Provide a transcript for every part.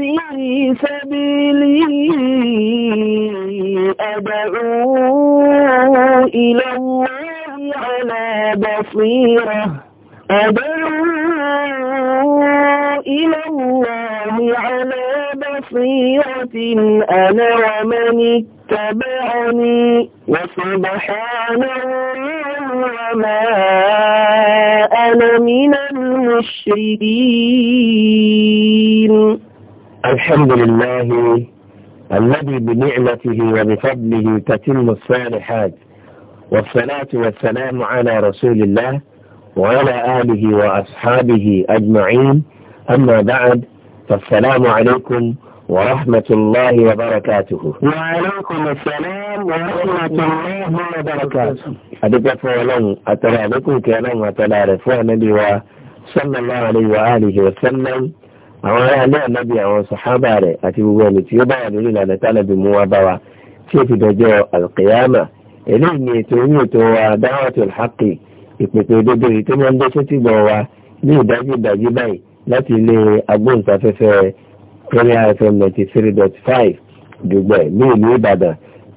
هذه سبيلي أدعو إلى الله على بصيرة أدعو إلى الله على بصيرة أنا ومن اتبعني وسبحان الله وما أنا من المشركين الحمد لله الذي بنعمته وبفضله تتم الصالحات والصلاة والسلام على رسول الله وعلى آله وأصحابه أجمعين أما بعد فالسلام عليكم ورحمة الله وبركاته وعليكم السلام ورحمة الله وبركاته أدب فولن أترى لكم كلام أترى رفوع نبي صلى الله عليه وآله وسلم àwọn ará ilé ànábì àwọn sàhábà rẹ̀ àti gbogbo ẹni tí ó bá wà lórí ìlànà tánàbì mú wa bá wa tí ó ti dọjọ́ alkiyama eléyìí ni ètò orí ètò wa dáwàtul haqqi ìpèpè òdodo yìí tó máa ń dé sétí gbọ̀n wa ní ìdájí ìdájí báyìí láti ilé agbóhùnsáfẹ́fẹ́ premier fm ninety three dot five dùgbẹ̀ ní ìlú ìbàdàn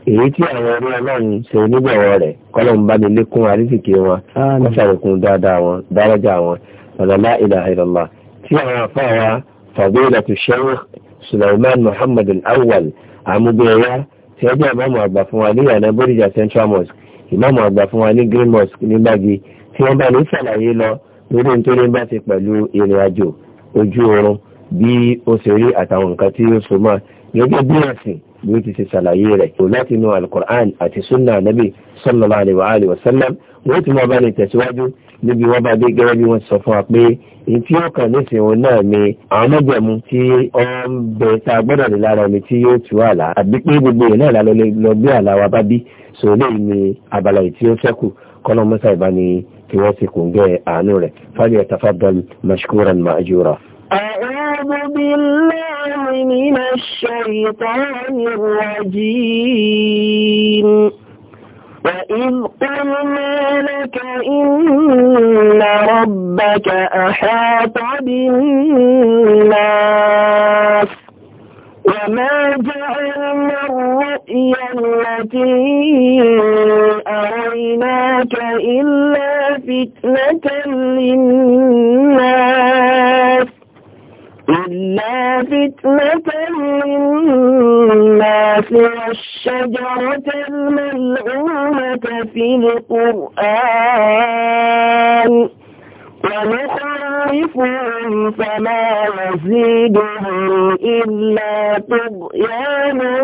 èyí tí àwọn ọmọ ọlọ́run ṣe onígbọ̀wọ́ rẹ̀ kọ́lọ́n bá ní lékún àrísìkí wọn kọ́sàrẹ̀kún dáadáa wọn dáràjà wọn ọ̀làlá ìlà ìlọ́lá tí àwọn àfáà wa فضيلة الشيخ سليمان محمد الأول àmúgbẹ̀ẹ́yá tí ẹjọ́ ìmáàmù àgbà fún wa ní ìyànà bóríjà central mosque ìmáàmù àgbà fún wa ní green mosque ní gbàgì tí wọ́n bá ní sàlàyé lọ lórí nítorí bá ti pẹ̀lú ìrìn àjò ojú oorun bí ó ṣe rí àtàwọn nǹkan tí ó so mọ́ gẹ́gẹ́ bí ẹ̀sìn bí ó ti ṣe ṣàlàyé rẹ̀ kò láti inú alukur'an àti sunna nabi sallallahu alayhi wa alayhi wa sallam wọ́n ti máa bá ní tẹ̀síwájú níbi wọ́n bá dé gẹ́gẹ́ bí wọ́n sọ fún wa pé ìtí ọkàn nísìnyí òun náà ni àwọn mọ̀jẹ̀mú tí ọ ń bẹ tá gbọ́dọ̀ ní lára omi tí yóò tú àlá àbí pé gbogbo yìí náà lálọ́ lọ bí àlá wa bá bí sòrò lẹ́yìn ni abala yìí tí ó fẹ́kù kọ́nà mọ́sá ìbá ni kí wọ́n ti kò gẹ́ àánú rẹ̀ fáyọ̀ tafaddal mashkuran ma'jura. a'udhu billahi من الشيطان الرجيم وإذ قلنا لك إن ربك أحاط بالناس وما جعلنا الرؤيا التي أريناك إلا فتنة للناس إلا فتنة للناس والشجرة الملعونة في القرآن ونخرفهم فما يزيدهم إلا طغيانا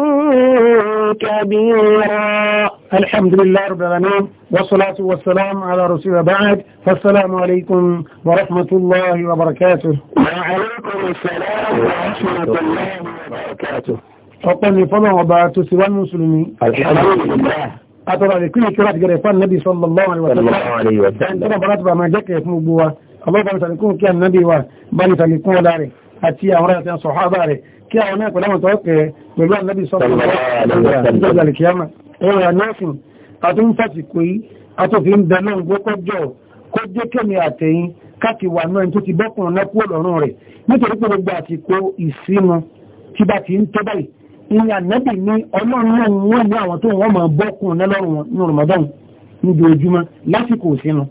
كبيرا الحمد لله رب العالمين والصلاة والسلام على رسول بعد فالسلام عليكم ورحمة الله وبركاته وعلى ọ̀pọ̀ ni fọ́lọ́wọ́ bá tó ti wá mùsùlùmí àtọ́rọ̀ ìkúlù kí láti gẹ̀rẹ̀ fún nàbí sallallahu alaihi wa sallam tọ́rọ̀ bá láti bá máa jẹ́kẹ̀ẹ́ fún gbogbo wa ọlọ́pàá ìtàlẹ̀kún kí káàkiri wà náà tó ti bọ́kùn náà kúrò lọ́rùn rẹ̀ nítorí pé gbogbo àsìkò ìsinu tí bá ti ń tó báyìí ìyá nẹ́bì ní ọlọ́run náà wọ́n ní àwọn tó wọ́n máa bọ́kùn náà Ramadan níbi ojúmọ́ lásìkò ìsinu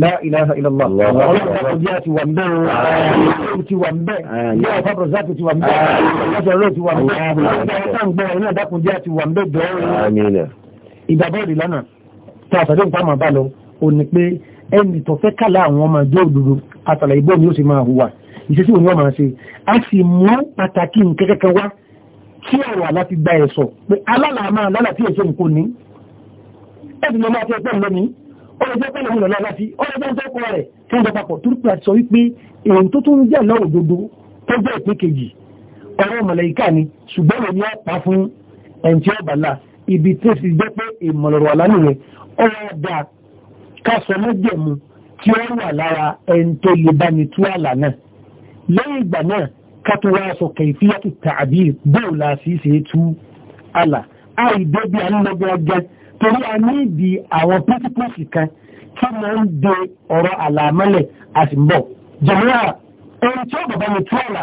la ilaha illallah ọlọ́run tó bí a ń bẹ́ẹ̀ o ti wà ń a fọ́pọ̀ sáà ti wà ń bẹ́ẹ̀ ọjọ́ ẹni tó fẹ́ kálá àwọn ọmọ ìjọ òdòdó àtàlà ìbọn ni ó sì máa hùwà ìṣesí òní ọmọ ṣe a sì mú pàtàkì kẹ́kẹ́kẹ́ wá tí ọ̀rọ̀ àláti gba ẹ̀sọ̀ pé alálàmà lálà tí èso nǹkan ní ẹ̀sìn lọ́mọ àti ẹgbẹ́ lọ́ni ọlọ́jọ́ pẹ̀lú ìlú lọ́la sí ọlọ́jọ́ tó kọ́ rẹ̀ tí wọ́n jọ papọ̀ tó rúpẹ́ ọ̀rọ̀ mọ̀lẹ́yìká ni ṣùgbọ́n èmi á pa fún ẹ̀ǹtí ọ̀bàlà ibi tó ti jẹ́ pé ìmọ̀lọ̀rọ̀ kásọ mọ́jẹ̀mú tí ó wà lára ẹni tó lè bá ní tú àlà náà lẹ́yìn ìgbà náà kátó wá sọ kẹ̀fíyàtì tàbí bóòlà sí ṣe tú àlà àìdẹ́bí alọ́gbọ́gbẹ́ torí a ní ìdí àwọn pẹ́sípẹ́sì kan tí mo ń de ọ̀rọ̀ àlàmọ́lẹ̀ àti mbọ̀ jẹ̀mọ́ra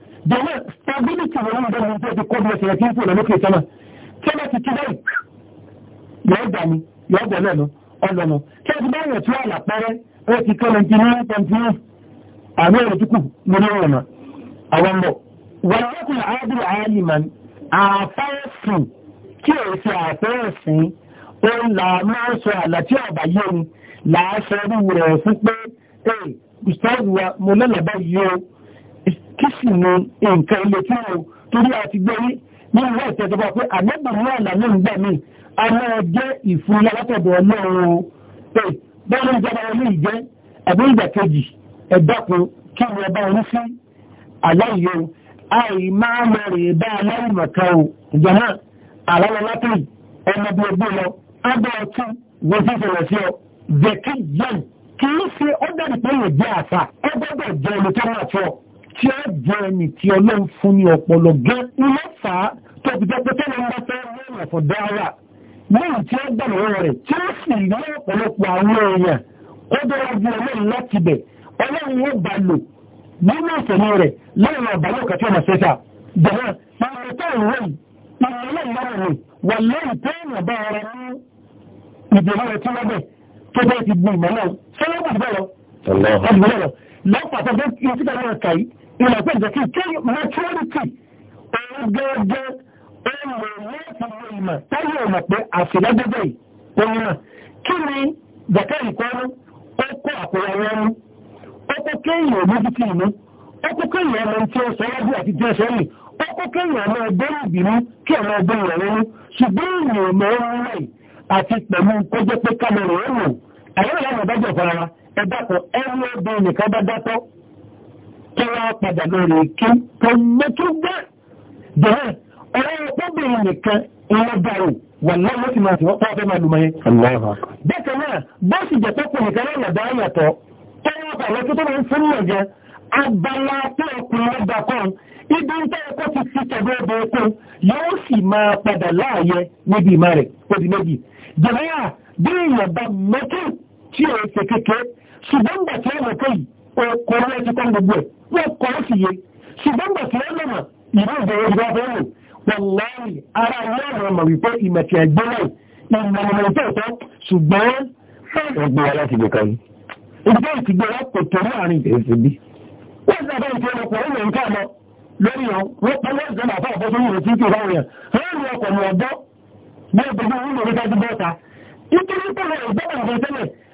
jẹ́wọ́ stability wọn ń bẹ̀rẹ̀ tó ti kọ́bí ẹ̀sẹ̀ tí ń fò lọ́lọ́kì sọ́nà tí wọ́n ti ti bẹ́ẹ̀ yóò gbà ní yóò gbọ́ lẹ́nu ọlọ́nu tí wọ́n ti bẹ́ẹ̀ tí wọ́n àlàpẹ́rẹ́ ó ti kọ́ lẹ́ntì ní pẹ̀ntì àmì ẹ̀rọ tí kù lórí ọ̀nà àwọn bọ̀ wọ́n lọ́kùn àádùn àálìmán àfẹ́sìn tí ò ṣe àfẹ́sìn ó là máa ń sọ àlà tí ọ̀bà yé ni làá sọ rú rẹ̀ fún pé ẹ̀ ìṣẹ́ ìwà mo lọ́lọ́bẹ̀ yìí kí sì ni nǹkan ilé tí ó torí àti gbé ní ní ìwé ìtẹ́jọba pé àgbẹ̀bùn náà lànà ìgbà míì a máa jẹ́ ìfúnlẹ̀ látọ̀dọ̀ ọlọ́run pé bọ́ọ̀lù ìjọba ilé ìjẹ́ ẹ̀bí ìgbà kejì ẹ̀dọ́kun kí ni ọba orí sí aláìyọ àì máa lọ rè bá aláìmọ̀ká o ìjọba àlálọ́látì ẹnu bí ogún lọ ábẹ́ ọtún wọ́n fi fẹ̀rẹ̀ sí ọ jẹ́ kí jẹun kì í ṣe ọ́dọ̀ ìpẹ́yẹ̀ jẹ́ àṣà ọgbọ́dọ̀ jẹ́ olùtọ́rọ̀ àtọ́ tí ó jẹ́ ẹni tí ọlọ́run fún ní ọpọlọ gan ilé fà á tó fi jẹ́ tó lọ́n bá fẹ́ lọ́nà fún dára lẹ́yìn tí ó gbà lọ́wọ́ rẹ̀ tí ó sì ní ọ̀pọ̀lọpọ̀ àwọn èèyàn ó dára ju ọlọ́run láti bẹ̀ ọlọ́run ó bá lò nínú ìfẹ̀mí rẹ̀ lẹ́yìn ọ̀bàlọ́ kàtí ọmọ sẹ́sà jọ̀wọ́ àwọn tó ń rẹ̀ ìrọ̀lẹ́ ìlànà rẹ̀ wà ti gbìn ìmọ̀ náà ìmọ̀ pé ìjẹ́kí kí maturity òun gẹ́gẹ́ ọmọ lẹ́ẹ̀kọ́ ìmọ̀ táyé ọmọ pé àfìlẹ́gbẹ́gbẹ́ yìí òun náà kí ni jẹ́kẹ́ ìkọ́rú ó kó àkóyọ wọn mú ó kó kéèyàn mójútì ìmú ó kó kéèyàn ọmọ tí ó sọ wájú àti tí ó sọ yìí ó kó kéèyàn ọmọ ẹgbẹ́ ìbínú kí ọmọ ẹgbẹ́ ìrọ̀rùn mú ṣùgbọ́n ìrìn ọmọ ọmọ rẹ̀ àti pẹ̀lú kó tọ́wọ́ padà lórí kí tó mẹ́tú gbẹ́ bẹ̀rẹ̀ ọ̀rọ̀ ọ̀pọ̀bìnrin nìkan ìlọ́gbàrò wà lọ́wọ́ ti máa tìwọ́pọ̀ ọ̀fẹ́ máa lùmọ́ yẹn bẹ́ẹ̀ náà bó sì jẹ́ pọ́pọ̀ nìkan náà yàtọ̀ yàtọ̀ tọ́wọ́ padà tó tó máa ń fún yàn jẹ abala tó ọkùnrin ọgbà kan ibi ń tẹ́lẹ̀ kó ti fi tẹ̀gbẹ́ ọgbà oko yóò sì máa padà láàyè níbi ìmá rẹ̀ ó di méjì jẹ̀mẹ́yà bí wọ́n kọ́ sí yé ṣùgbọ́n bàtí wọ́n lọ́mọ ìlú ìbẹ̀rẹ̀ ìgbà bẹ́ẹ̀ wọ́n láàrín ara ìlú ọmọ wípé ìmẹ̀tì ẹgbẹ́ náà wọ́n gbé wa ìtìgbẹ́ wọn kò tó láàrín bí wọ́n sábà ìtẹ̀lẹ̀kọ̀ọ́ ìlú ọ̀ lórí ọ̀ wọ́n pẹ̀lú ìjọba àpá ọ̀pọ̀ tó yìí tí kí wọ́n bí ọ̀pọ̀ tó yìí lórí tọ́jú bọ́ta nítorí pẹ̀lú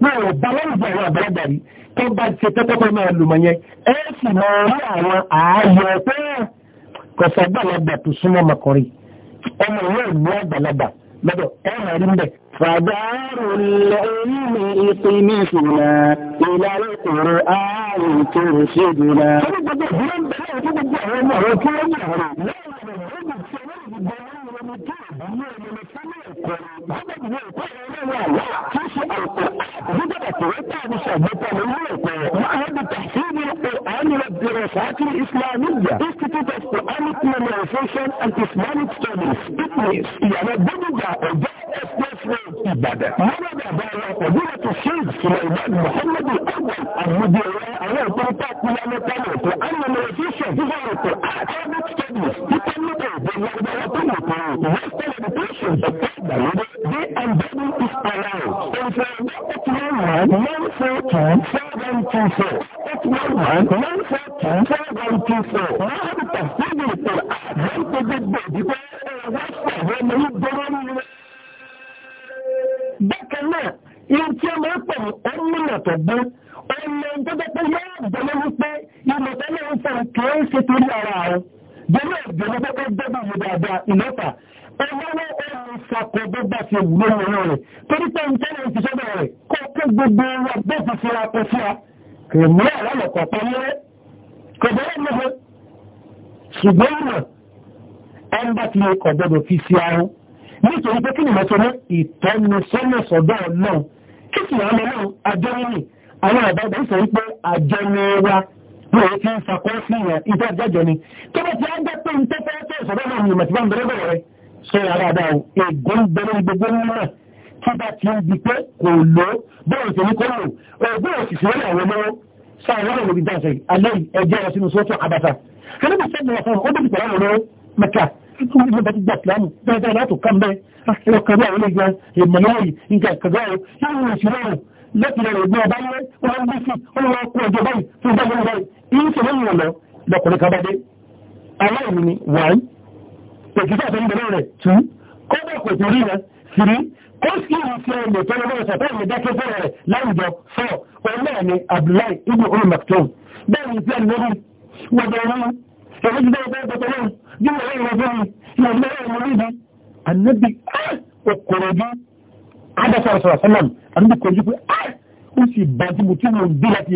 wọn ò bá wọn jẹ àwọn àgbàlagbà rí tó bá ṣe tẹ́tọ́kọ́ máa lùmọ̀ yẹn ẹ sì máa rí àwọn ààyè pé kọ̀sà àgbàlagbà tó súnmọ́ ọmọkùnrin ọmọ ìwé ìlú àgbàlagbà lọ́dọ̀ ẹ máa rí mbẹ̀. فدار العلم اطمسنا إلى القرآن ترشدنا. ọgbọ́n ọmọ tó jẹ́ pé yóò gbọ́nà wípé ìmọ̀ tẹ́lẹ̀ ń fẹ́ kìí ṣe torí ara rẹ̀ gbọ́nà ìgbọ́nà tó kọ́ dẹ́gbà yìí dáadáa ìlọ́ta ọlọ́wọ́ ọmọ ìfàkọ̀ gbọ́gbà ti wúlò lọ́wọ́ rẹ̀ torí pé ìtẹ́lẹ̀ ń ṣiṣẹ́ bẹ̀rẹ̀ kọ́ kó gbogbo wa bó ti fi rapọ̀ sí wa kò mú àlọ́lọ́kọ̀ pamọ́ kò bẹ́ẹ̀ mọ́ ṣùgbọ́n ìmọ̀ ẹnbà tí ó kọ̀ gbọ́dọ̀ fi sí arún nítorí pé kìkì àmọ́ náà àjọ nínú àwọn àbábọ̀ sọ wípé àjọ ni wa ní òun ti ń sakọ́ sí ìyàn ìfẹ́ àjọ ni tó bá ti á jẹ́ pé nǹkan fẹ́ fẹ́ sọ̀rọ̀ náà ni màtíbá ń bẹ̀rẹ̀ bẹ̀rẹ̀ sọ yàrá dáa ègbó ń bẹ̀rẹ̀ gbogbo náà tí bá ti ń di pé kò lò bẹ́ẹ̀ sì ní kó lò ẹgbẹ́ òṣìṣẹ́ rẹ̀ àwọn ọmọ sáà wọ́n lòdì dáṣẹ́ alẹ́ ẹjẹ́ ọ̀sìn sọ́tọ̀ àbàtà títún ní ọba gbígbà ìsìlámù dáadáa látò kán bẹ́ ọkàrí àwọn ilé ìgbà ìmọ̀lẹ́wọ̀n nǹkan ìkàgbà ọ̀ láwọn òṣìṣẹ́ ọ̀ láti rẹ̀ ìgbà ọba yẹn wọ́n gbé sí ọlọ́wọ́ kú ọjọ́ báyìí tó bá wọn báyìí ìyí ṣe lẹ́yìn ọ̀lọ́ lọkùnrin kan bá dé aláìní ni wàáyí òṣìṣẹ́ àtẹnudẹ́rẹ́ rẹ̀ tú kọ́dà kò tó rí rẹ̀ sírí ó sì ń fi ọmọ tó lọ́wọ́ ṣàtọ́ ìlú dákẹ́ fẹ́rẹ̀ rẹ̀ láwùjọ fọ́ ọ̀nà ni Abdullahi ibn Umar Maktoum bẹ́ẹ̀ ni tí a lórí wọ́n bẹ̀rẹ̀ tọ́jú bí ọgbẹ́ ọgbẹ́ ọgbẹ́ bí wọ́n lẹ́yìn ọgbẹ́ yìí ní ọgbẹ́ ọmọ níbi ànábì ọkọ̀rọ̀ bí adásọ̀ ọ̀sọ̀rọ̀ sẹ́lẹ̀m ànábì kọjú pé ó sì bá tí mo tí mo bí láti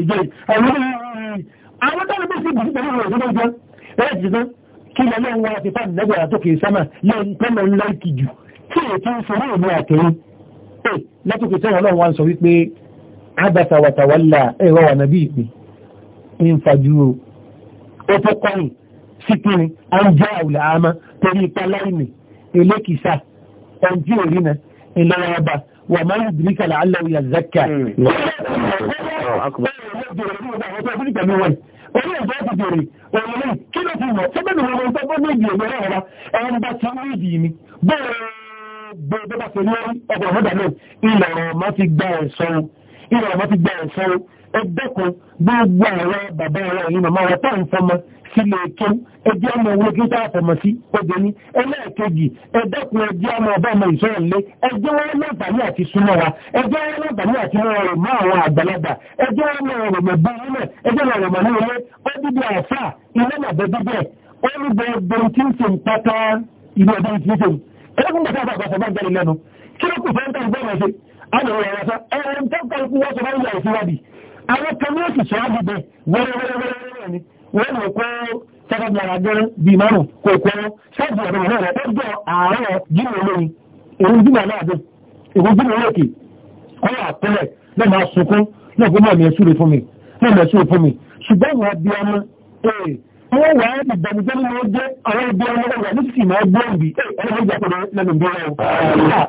ẹ̀rọ wà nàbí ìpè ń fajú ó síkiri àìjọ àwùlà àmà torí ipa láìní elékìsà ọjí òrìnà ìlọ́wọ́ ọba wà máa yìí dìríkà láàlọ́ ìyà zaka Orí ẹ̀jọ́ ti bèèrè, òun ní kí ló ti mọ̀, sọ́bẹ̀lú ọmọ ìgbẹ́gbẹ́ méjì òmìnira ọ̀rá, ẹ̀rọ bá ti rí ìdí mi, bẹ́ẹ̀ gbogbo bá ti rí ọgbọ̀n ọ̀dà náà, ìlànà ọmọ ti gbá ẹ̀sọ́ ìrọ̀ ọmọ ti gba ẹ̀sán o ẹgbẹ́ kan gbogbo àwọn bàbá ara yìí màmá wa tá ń fọmọ sílé ètò ẹjẹ́ ọmọ owó kí n táà fọmọ sí obìnrin ẹlẹ́ẹ̀kejì ẹ̀dẹ́kun ẹjẹ́ ọmọ ọba ọmọ ìṣọ́ ilé ẹjẹ́ wọn láǹfààní àti súnmọ́ wa ẹjẹ́ wọn láǹfààní àti rọrùn rẹ̀ mọ́ àwọn àgbàlagbà ẹjẹ́ wọn mọ ọ̀rọ̀ mọ̀ bá wọn ẹjẹ́ wọn rọ̀mọ̀ ní ilé ó dídí àfà ilé màbẹ́ bíbẹ̀ ó ní gbogbo tí ń ṣe ń pátá ilé ọdún tí ń ṣe ẹlẹ́kùn àdàwọ̀ ẹ̀rọ sọ ẹ̀rọ tó kálukú wọ́n sọ báyìí àìsí wádìí àwọn kan ní òsì sọ́ọ́ dìde wẹ́rẹ́wẹ́rẹ́wẹ́rẹ́ ni wọ́n mọ̀ kó sẹ́kọ̀tì àràgẹ́rẹ́ bíi márùn kò kọ́ sẹ́ẹ̀dì ọ̀dọ̀ náà rẹ̀ ọjọ́ àárọ̀ jìnnà olóyin èrò jìnnà náà dùn èrò jìnnà olókè kọ́ àpẹẹrẹ náà máa sunkún náà kó mọ̀ ní ẹ̀sùn rẹ̀ fún mi náà mọ̀ ẹ̀sùn rẹ̀ fún mi ṣùgbọ́n ìwà bíi ọmọ wọ́n wà á ìbànújẹ́ ní wọ́n jẹ́ àwọn ibi ọmọ ọ̀rọ̀ ní sì máa gbọ́ ìbí ọlọ́run ìjà pẹ̀lú lẹ́nu bí ọ̀rọ̀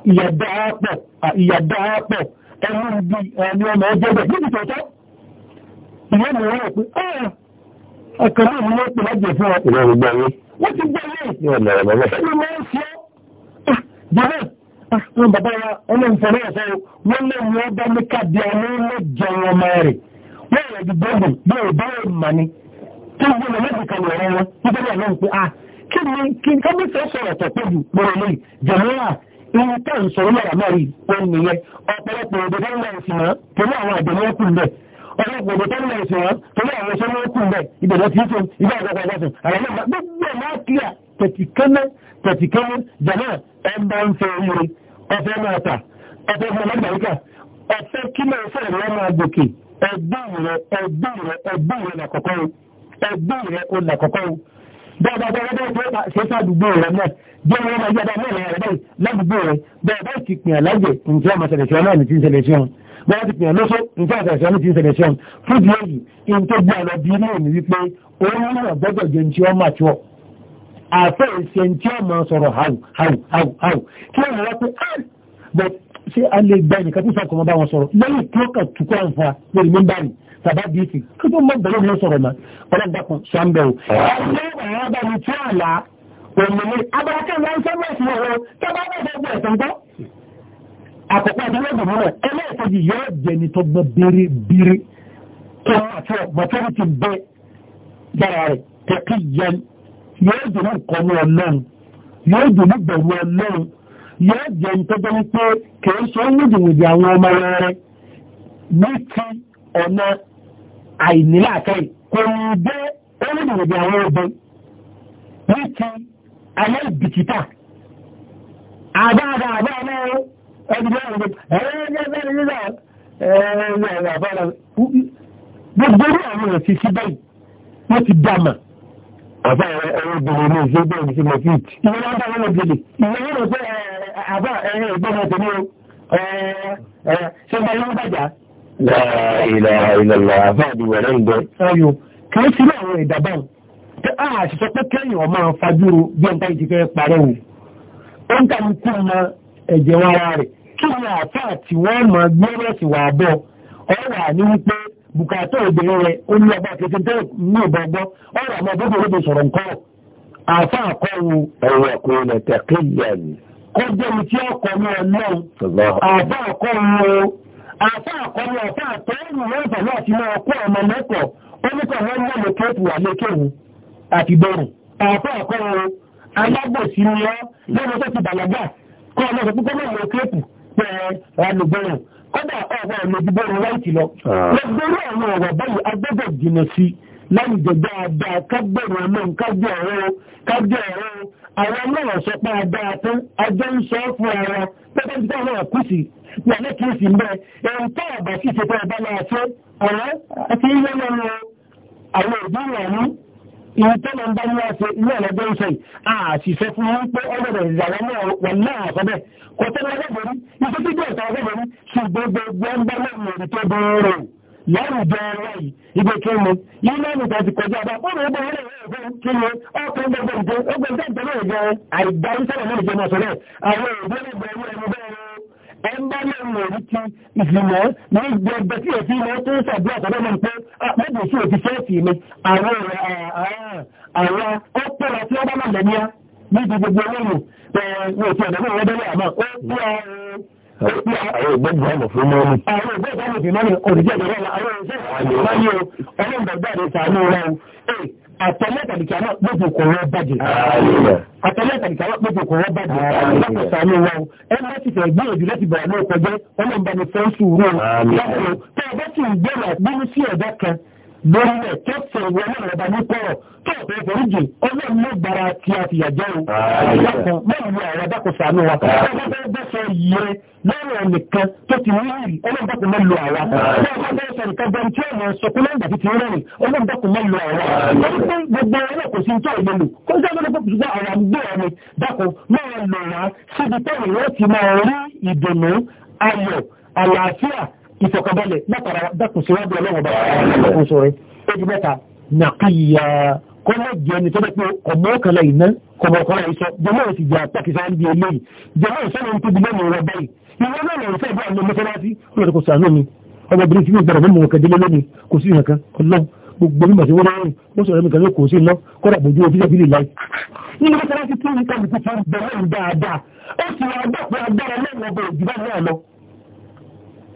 ìyàdá pọ̀ ẹnu ibi ẹni ọmọ ọjọ́ bẹ̀ níbi tọ̀tọ̀ ìwé mi wọ́n pé ọkàn náà ni wọ́n pè lájẹ̀ fún ọ. ìwé mi gbọ́ yé. wọ́n ti gbọ́ yé. yóò lọ̀rọ̀ lọ́wọ́. ẹni máa ń fi ọ́ jẹ́rẹ̀ àwọn bàbá wa ọmọ ìfọ̀nà ọ̀fẹ́ wọn náà ni wọ́n bá ní káàdì àwọn ọmọ jẹun ọmọ rẹ̀ wọ́n yẹ tó ń gbọ́nà lẹ́sìn kan ọ̀rọ̀ wọn nítorí ẹ̀ lọ́n pé a kí ni kí ni kábíyèsí ó sọ̀rọ̀ tọ̀ pé jù gbọ́nà lórí jẹ̀mọ́ra ìwọ̀n tó ń sọ̀rọ̀ lọ́rọ̀ mọ́rí òun nìyẹn ọ̀pọ̀lọpọ̀ òdòdó ń lẹ́yìn sí wọn torí àwọn àjẹmọ́ kù ń bẹ̀ ọ̀pọ̀lọpọ̀ òdòdó ń lẹ́yìn sí wọn torí àwọn ọ̀ṣọ́ wọn kù ń ọ̀fẹ́ ta ọ̀fẹ́ fún ọlọ́gbàríkà ọ̀fẹ́ kí máa fẹ́ ẹ̀rọ máa gòkè ẹgbẹ́ rẹ ẹgbẹ́ rẹ ẹgbẹ́ rẹ lákọ̀ọ́kọ́ ẹgbẹ́ rẹ kò o bẹ́ẹ̀ bá bẹ́ẹ̀ bẹ́ẹ̀ bá ṣe sádùúgbò rẹ náà jẹ́ wọn máa yára mẹ́rin rẹ báyìí ládùúgbò rẹ bẹ́ẹ̀ bá ti pìyàn lájẹ̀ ǹjẹ́ ọmọ sẹ̀lẹ̀sì ọ̀nà ní ti ń sẹ̀lẹ̀sì ọ̀hún bẹ́ẹ̀ ti pìyàn lóṣó ǹjẹ́ àṣàṣà ní ti ń sẹ̀lẹ̀sì ọ̀hún fún ti èyí in tó gbé ọlọ bí náà ní wípé òun náà gbọ́dọ̀ jẹ́ ti ọmọ àti ọ àfẹ́ ìṣe ti ọmọ sọ̀rọ̀ hàù hàù hàù hàù kí wọ́n tàbá bí ti kí tó mọ́ bẹ̀rẹ̀ ló sọ̀rọ̀ náà ọlọ́gbàkan ṣàǹbẹ̀wò. ọlọ́run ọba mi tí àlá òmìnir abarakẹ́ ló ń sọ́mọ̀ sí ọ̀rọ̀ tó bá bá bá bẹ̀rẹ̀ tọ́ńtọ́. àkọ́kọ́ ìdánilẹ́gbọ̀n mọ́rẹ̀ ẹlẹ́ẹ̀kejì yóò jẹ́ ni tó gbọ́ bèrè bèrè tó àti ọ̀gbọ̀tẹ́rì ti bẹ́ dára rẹ̀ tẹ̀kí yẹn yóò dùn ní nǹkan ọlọ́run yóò àwọn ọmọ rẹ̀ ní ti ọ̀nà àìníláàkẹ́ kò ń gbé orílẹ̀-èdè àwọn ọdún ní ti aláìbìkítà àbáàbá àbáàbá ẹgbẹ́ gbogbo orí àwọn ẹ̀sìn sí báyìí wọ́n ti dámà àbá ẹ̀rọ ìbẹ̀rẹ̀ ní ìṣẹ́ bẹ́ẹ̀ ní sílẹ̀ fíìt ìwọ́n bá wọ́n gẹ̀lẹ̀ ìwọ́n rẹ̀ pé àbá ẹ̀rọ ìgbọ́n ọ̀tẹ̀ ní ṣe ń bá yọ́n bàjá ìlànà ìlànà àbáàdì wẹ̀ náà ń bẹ. ayò kìí sí àwọn ìdàbà tí a àṣìṣe pé kẹ́yìn ọmọ fajúro bí ọ̀tá ìdí fẹ́ parẹ́ o. ó ń tàn kú ọmọ ẹ̀jẹ̀ wa ara rẹ̀ kí ni àfa àti wọ́n mọ gbẹ́rẹ́sì wà bọ̀ ọ̀rọ̀ àní wípé bùkátà obìnrin rẹ̀ ó ní ọgbà kékeré ní ìbọ̀gbọ́ ọ̀rọ̀ àmọ́ bóbá olóde sọ̀rọ̀ nǹkan àfa àkọ́wò ẹ̀rọ ọkùnrin ẹ̀tẹ̀kẹ́ ìyá ni. kó jẹ́ mi tí ọkọ̀ mi ọlọ́run àfa àkọ́wò àfa àkọlù ọ̀tá àtọ́rù mẹ́fà náà ti máa kó ọmọ mẹ́kọ̀ oníkọ̀ wọ́n mọ́ lókèétù wà lékèwù àti bẹ̀rù àfa àkọlù alágbòsí ni ọ́ lẹ́nu tó ti bàlágà kọ́ ọmọ sọ púpọ̀ mọ́ lókèétù pẹ̀lú alùbẹ̀rù kọ́dà ọ̀wọ́ ọ̀nà ìdíbẹ̀rù láìtì lọ lọ́gbẹ̀rù ah. àwọn ọ̀rọ̀ báyìí agbẹ́bẹ̀ jìnà sí láwùjọ dáadáa kágbẹ̀rù ọmọ kágbẹ̀ ọ̀rọ̀ kágbẹ̀ ọ̀rọ̀ àwọn náà sọ pé adáa tán ajọ́ ń sọ fún ara pẹ́pẹ́ ní àlékìísì ń bẹ́ẹ̀ ẹ̀rùn tó ọ̀bà sí ṣe pé ọba náà fẹ́ ọ̀rẹ́ àti ilé lọ́nu àwọn òbí rẹ̀ ní ìwé tó lọ ń bá níwá ṣe ilé ọ̀lẹ́gbẹ́ ń sẹ́yìn àṣìṣe fún wọn pé ọlọ́dọ̀ ìyàwó náà wọn náà sọ bẹ́ẹ̀ kò tẹ́ lọ́gọ́bẹ̀rún iṣẹ́ tí bẹ́ẹ̀ sọ ọgọ́bẹ̀rún ṣùgbọ́n gbogbo ń bá lọ́nà òbí tó bọ́ rẹ̀ lọ́rùn bọ́ ọ̀rọ̀ yìí ibi kí mo yìí náà nìkan ti kọjá bá ọ̀rọ̀ ọgbọ̀n ọ̀rọ̀ ọ̀rọ̀ kí mo ọkùnrin gbogbo ìjọ ọgbọ̀n ìjọ ìjọ náà jẹ àìgbárí ẹ̀ńbá náà mọ̀ wípé ìgbìmọ̀ ní gbogbo tí èsì ilẹ̀ tó ń sàbí àtàlẹ́ mọ̀ pé ah, mọ́bù sí òfin fẹ́ẹ̀sì mi àwọn àwọn ọ̀pọ̀lọ̀ tí wọ́n bá máa lẹ́míà níbi gbogbo olóòrùn ní òfin ọ̀dọ́ náà wọ́n dẹ́lẹ̀ àmọ́ ó pé àwọn ìgbẹ́gbẹ́ ọmọ fún mọ́ni. àwọn ìgbẹ́gbẹ́ ọmọ fún mọ́ni òdìjẹ́ ìdọ̀rọ̀ àwọn ìṣẹ́ àtẹlẹ tàbíkì àwọn gbogbo kò wọ́n bàjẹ́. àtẹlẹ tàbíkì àwọn gbogbo kò wọ́n bàjẹ́. lọ́pọ̀ sàánú wa o ẹni bá ti fẹ́ gbìyànjú láti bẹ̀rẹ̀ náà kọjá ọlọ́run bá mi fẹ́ sùúrù o. tó o bá ti ń gbẹ̀rẹ̀ gbóhùn sí ẹ̀dá kan lórí rẹ̀ kẹfẹ́ ìwọ náà lọ́ba ní kọ́rọ̀ tó ọ̀fẹ́ ìforíjì ọlọ́run ló gbára tí a fìyà jẹ́ òun mẹ́rin ni àwọn adákò sànú wa ọlọ́run bá bẹ́ sọ yẹ lọ́rọ̀ nìkan tó ti rí rí ọlọ́run bá kò mẹ́ lo àwa ọlọ́run bá sọ nìkan bẹ́ẹ̀ tí ọ̀nà sọ kó lẹ́yìn ayọ̀ àlàáfíà ìfọ̀kànbalẹ̀ látara dákùnsíwájú ọlọ́run bá ọkùn sọ rẹ̀ ẹjú mẹ́ta nàkìyà kọ́lẹ̀ jẹ́ ni tọ́lẹ̀ pé ọmọ ọkànlẹ̀ iná kọmọkọ́lẹ̀ iṣọ́ jẹmọ́ ìsì jẹ́ àtàkìsá ń bí eléyìí jẹmọ́ ìsọ́nà ń tóbi lẹ́nu rẹ̀ báyìí ìwọ náà lọ fẹ́ bá ọmọ mọ́sálásí ọlọ́dẹ kò sàánú mi ọmọ obìnrin tí mi bẹ̀rẹ̀ mọ́ mọ́kẹ́ délé lónìí kò sí ìhàn kan ọlọ́run gbogbo mímọ̀ sí wọ́n rẹ̀ ó sọ̀rọ̀ nìkan kò sí lọ kọ́dà bójú òfin ìbílẹ̀ láì nínú mọ́sálásí tí ó ní kálukú fún bẹ̀rẹ̀ dáadáa ó sì wá gbọ́ agbára lẹ́nu ọgbà òjìbá náà lọ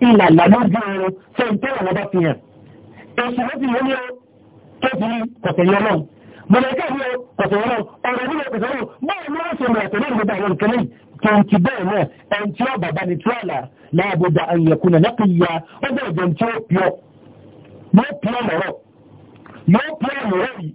ìlà làlójú oorun tó ń tẹ́lẹ̀ lọ́bá fi hàn èsì ló fi wọlé o tó fi kọ̀tẹ̀lẹ̀ ọlọ́run mọ̀lẹ́kẹ́ ni o kọ̀tẹ̀lẹ̀ ọlọ́run ọ̀rọ̀ nílò kọ̀tẹ̀lẹ̀ ọlọ́run báyìí ló ń ṣe mọ̀ ẹ̀tọ́ lórí gbogbo àwọn nǹkan lẹ́yìn tó ń ti bẹ́ẹ̀ náà ẹn tí bàbá ni tí ó láàbòdà àyẹ̀kùn náà lápò ìyá ó bẹ̀rẹ̀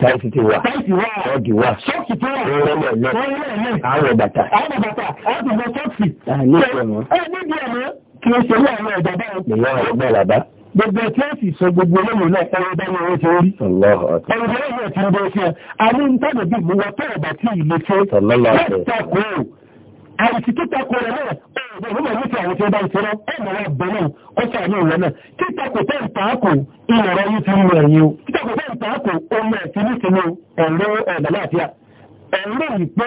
táìsì ti wà ọ́ọ̀dì wà ṣọ́ọ̀kì tó wà lọ́wọ́ náà àárọ̀ bàtà àárọ̀ bàtà àárọ̀ bàtà ṣọ́ọ̀kì. ní ìṣẹ̀mọ́ kí ó ṣe wà ní ọ̀dà báyìí. ìyá ọ̀rọ̀ gbọ́ làbá. gbogbo tí ó sì sọ gbogbo olóyún náà ẹ̀rọ bá wọn ṣe rí. ọ̀rọ̀ bá wọn ti ń bọ́ sí ẹ. àní ń tàbí bí mo wọ tọ́ọ̀bà tí ì wọ́n mọ̀ nípa àwọn tí ó bá ń sọ́rọ́ ẹ̀ mọ̀ wá bọ̀ náà ó sàánú ìwọ náà títà kò tẹ́ ìtàkù ìmọ̀ràn yìí ti ń lọ ẹ̀yìn o títà kò tẹ́ ìtàkù ọmọ ẹ̀sìn ní sinú ọ̀rọ̀ ọ̀dàláàfíà ọ̀rọ̀ yìí pé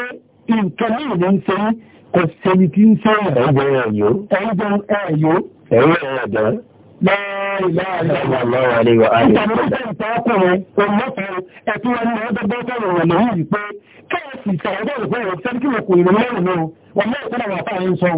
nǹkan náà ló ń ṣe yín kò sẹ́ni tí ń sọ ẹ̀jẹ̀ ẹ̀yọ́ ẹ̀jẹ̀ ẹ̀yọ́ ẹ̀rọ ẹ̀jẹ̀ Láàrín láàrín àwọn àlọ́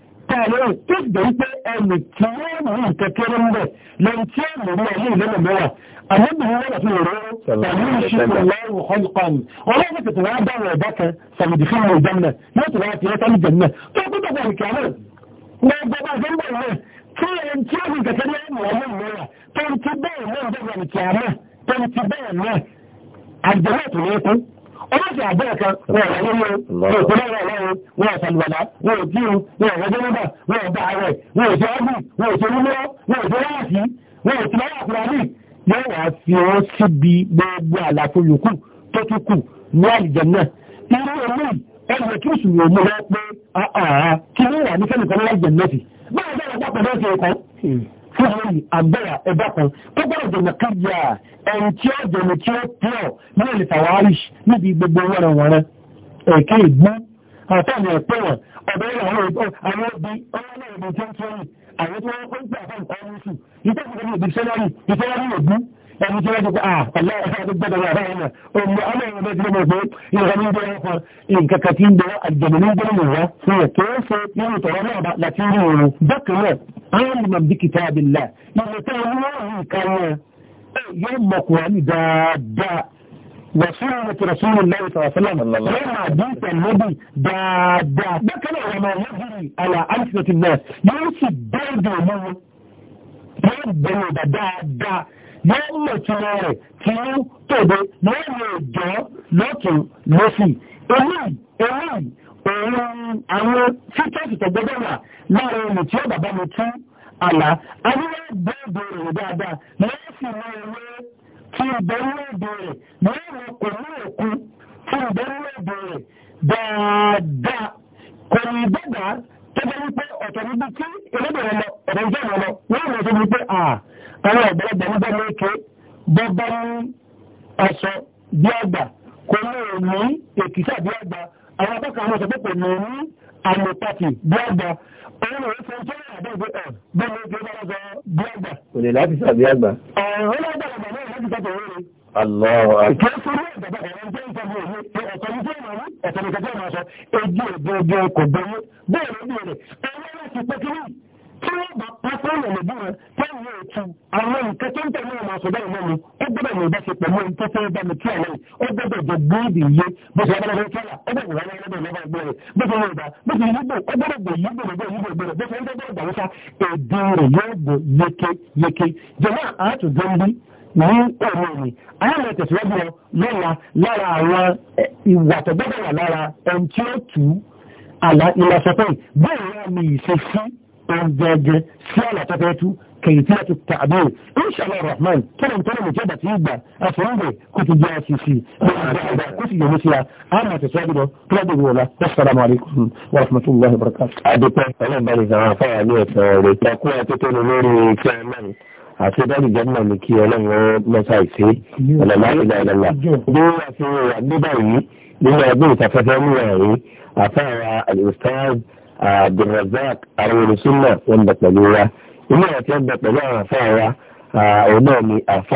tá a lérò tó dẹ̀ wípé ẹnì tí wọ́n mọ̀ ní kékeré ń bẹ̀ lẹ́yìn tí ó mọ̀ ní ẹ̀yìn ìlẹ́nà mẹ́wàá àmọ́bìnrin náà fi rọ́ pẹ̀lú ìṣirò lọ́rùn ọ̀lùpàmù ọlọ́run tètè wá bá ọ̀dá kan sàmìdì fún ọmọ ìjọba náà yóò tẹ̀lé àti ẹ̀ka ìjọba náà tó gbọ́dọ̀ bá ìkà náà gbọ́dọ̀ bá ọlọ́sẹ̀ àbẹ́rẹ̀ kan wọ́n ọ̀rọ̀ lọ́wọ́ wọn ò kúrò ọ̀rọ̀ lọ́wọ́ wọn ò sàlùwàlá wọn ò kírun wọn ò rọjọ́ nígbà wọn ò bá rẹ̀ wọn ò jọ́ọ́bù wọn ò ṣerú lọ́wọ́ wọn ò jọ́ọ́rọ̀ sí wọn ò tìlọ́wọ́ àkùrọ̀lì yóò wá fi wọn síbi gbogbo àlàfo yòókù tó tún kù ní àlìjẹ náà irú omi ẹgbẹ́ kí oṣù yóò mú wọn pé kí wọ́n wà ní kẹ́mìkan ní àlìjẹ náà sí báyọ̀ bá fún àwọn àgbẹ̀rà ẹ̀bá kan tó gbọ́dọ̀ jẹ̀mọ̀ kéjì à ẹ̀rù tí ó jẹ̀mọ̀ tí ó pọ̀ ní ilẹ̀ tàwáríṣ níbi gbogbo wọ́nàwọ́nà ẹ̀kẹ́ ìgbọ́n àtàwọn ẹ̀pẹ́ wọn ọ̀dọ́ àwọn obì ọlọ́run ẹni tí wọ́n ti pẹ́ àà pẹ̀lú ẹ̀fẹ́ tó gbọ́dọ̀ wà báyìí ọmọ ọmọ ẹ̀rọ bẹ́ẹ̀ tí wọ́n mọ̀ pé ìrọ̀lẹ́ ń bẹ̀rẹ̀ fún nǹkan kan tí ń bẹ̀rẹ̀ àjẹ̀mẹ̀lẹ́ ń bẹ̀rẹ̀ wá fún ẹ̀ kí ó ṣe nínú ìtọ̀rọ̀ náà láti rí òun bákan náà عالما بكتاب الله يتعلمه كان يوم قرآن دادا وسنة رسول الله صلى الله عليه وسلم يوم حديث النبي دادا ده كان وما يجري على ألسنة الناس يوم سبب منه يوم دادا yóò mọ̀ ìtumọ̀ rẹ̀ tí ó tòde lọ́wọ́ ìjọ lọ́tún lọ́sì eléyìí eléyìí òun àwọn títẹ́sì tó gbọ́dọ̀ wà láàrin olè tí ó bàbá mi tún àlá adúlá bẹ́ẹ̀bẹ̀ rẹ̀ dáadáa lọ́wọ́ sì mọ ewé tí ìbẹ̀rù ẹ̀bẹ̀ rẹ̀ lọ́wọ́ kò ní òkú tí ìbẹ̀rù ẹ̀bẹ̀ rẹ̀ dáadáa kò ní bẹ́ẹ̀ tẹ́tẹ́ wípé ọ̀tọ̀ níbi tí ẹlẹ́bẹ̀rẹ̀ lọ ọ̀tọ̀ níbi tí ẹ̀rọ lọ wọ́n mọ̀ àwọn ọ̀gbọ̀lọgbọ̀ ń bẹ́ lókè bọ́bá ní aṣọ bí àgbà kò ní òní èkìsà bí àgbà àwọn akẹ́kọ̀ọ́ àwọn ọ̀sọ̀pọ̀ kò ní òní àmọ̀pàtì bí àgbà òun òun fún tó rà bẹ́ẹ̀ bẹ́ẹ̀ bẹ́ẹ̀ lókè bọ́bá sọ bí àgbà. kò lè láti sà bí àgbà. ọ̀rọ̀ ọ̀gbọ̀lọgbọ̀ náà láti sà tó rẹ̀. Allahu akbar. Ìfẹ́ ìfẹ́ ìfẹ́ ìfẹ́ ìfẹ́ ìfẹ́ ọ̀tọ̀ ìfẹ́ ìmọ̀rí ẹ̀tọ̀ tí wọ́n bá pátá ìrọ̀lẹ̀ bí wọn fẹ́ẹ̀mù ètò àwọn nǹkan tó ń tẹ̀lé ọmọ àṣọ báyìí mọ́nu ó gbọ́dọ̀ ní ìbáṣe pẹ̀lú ẹni tó fẹ́ bá mi tí àlẹ́ ó gbọ́dọ̀ jẹ gbóòdì yé bó ṣe abẹ́rẹ́ fẹ́lá ó bẹ̀rẹ̀ wà lọ́wọ́ lọ́wọ́ ẹgbẹ́ rẹ̀ bó ṣe yorùbá bó ṣe yíbò ó gbọ́dọ̀ gbò yíbò lọ́gbọ́ yíbò gbọ́dọ̀ bó ṣe ń gbọ́dọ̀ gbà wọ́sá èdè rẹ̀ yóò gbò yeke yeke jẹ̀mọ́ àátù zambi ní ọ̀rọ̀ rẹ̀ àwọn ìtẹ̀síwájú lọ́la lára àwọn ìwà tó gbọ́dọ̀ wà lára ẹni tí ó tù á àlà ìlàsọ̀tọ̀ bẹ́ẹ̀ ni ìṣesí ọjọ́jẹ́ sí ọ̀nà tó fẹ́ tú kẹ̀yì tí a ti tàbí ìṣàlẹ̀ rahman tọ́nà tọ́nà mú jẹ́bà tí ó gbà àfọ́nbẹ̀ kó ti jẹ́ àṣìṣì kó sì yọmú sí a àmà àti sọ́gbọ́dọ̀ tọ́gbọ̀ wọlá assalamu alaikum wa rahmatullahi wa barakatuh. adúpẹ́ ọlọ́bàrin àwọn afárá ní ẹ̀sán rẹ̀ takú àtútọ́nu lórí chairman àti dáàbì jẹ́nà ní kí ọlọ́run abdulrasaq arúgbóṣúnà tó ń bẹ pẹ̀lú wa ilé ẹ̀ tí ó ń bẹ pẹ̀lú àwọn afáà wa ah, òun náà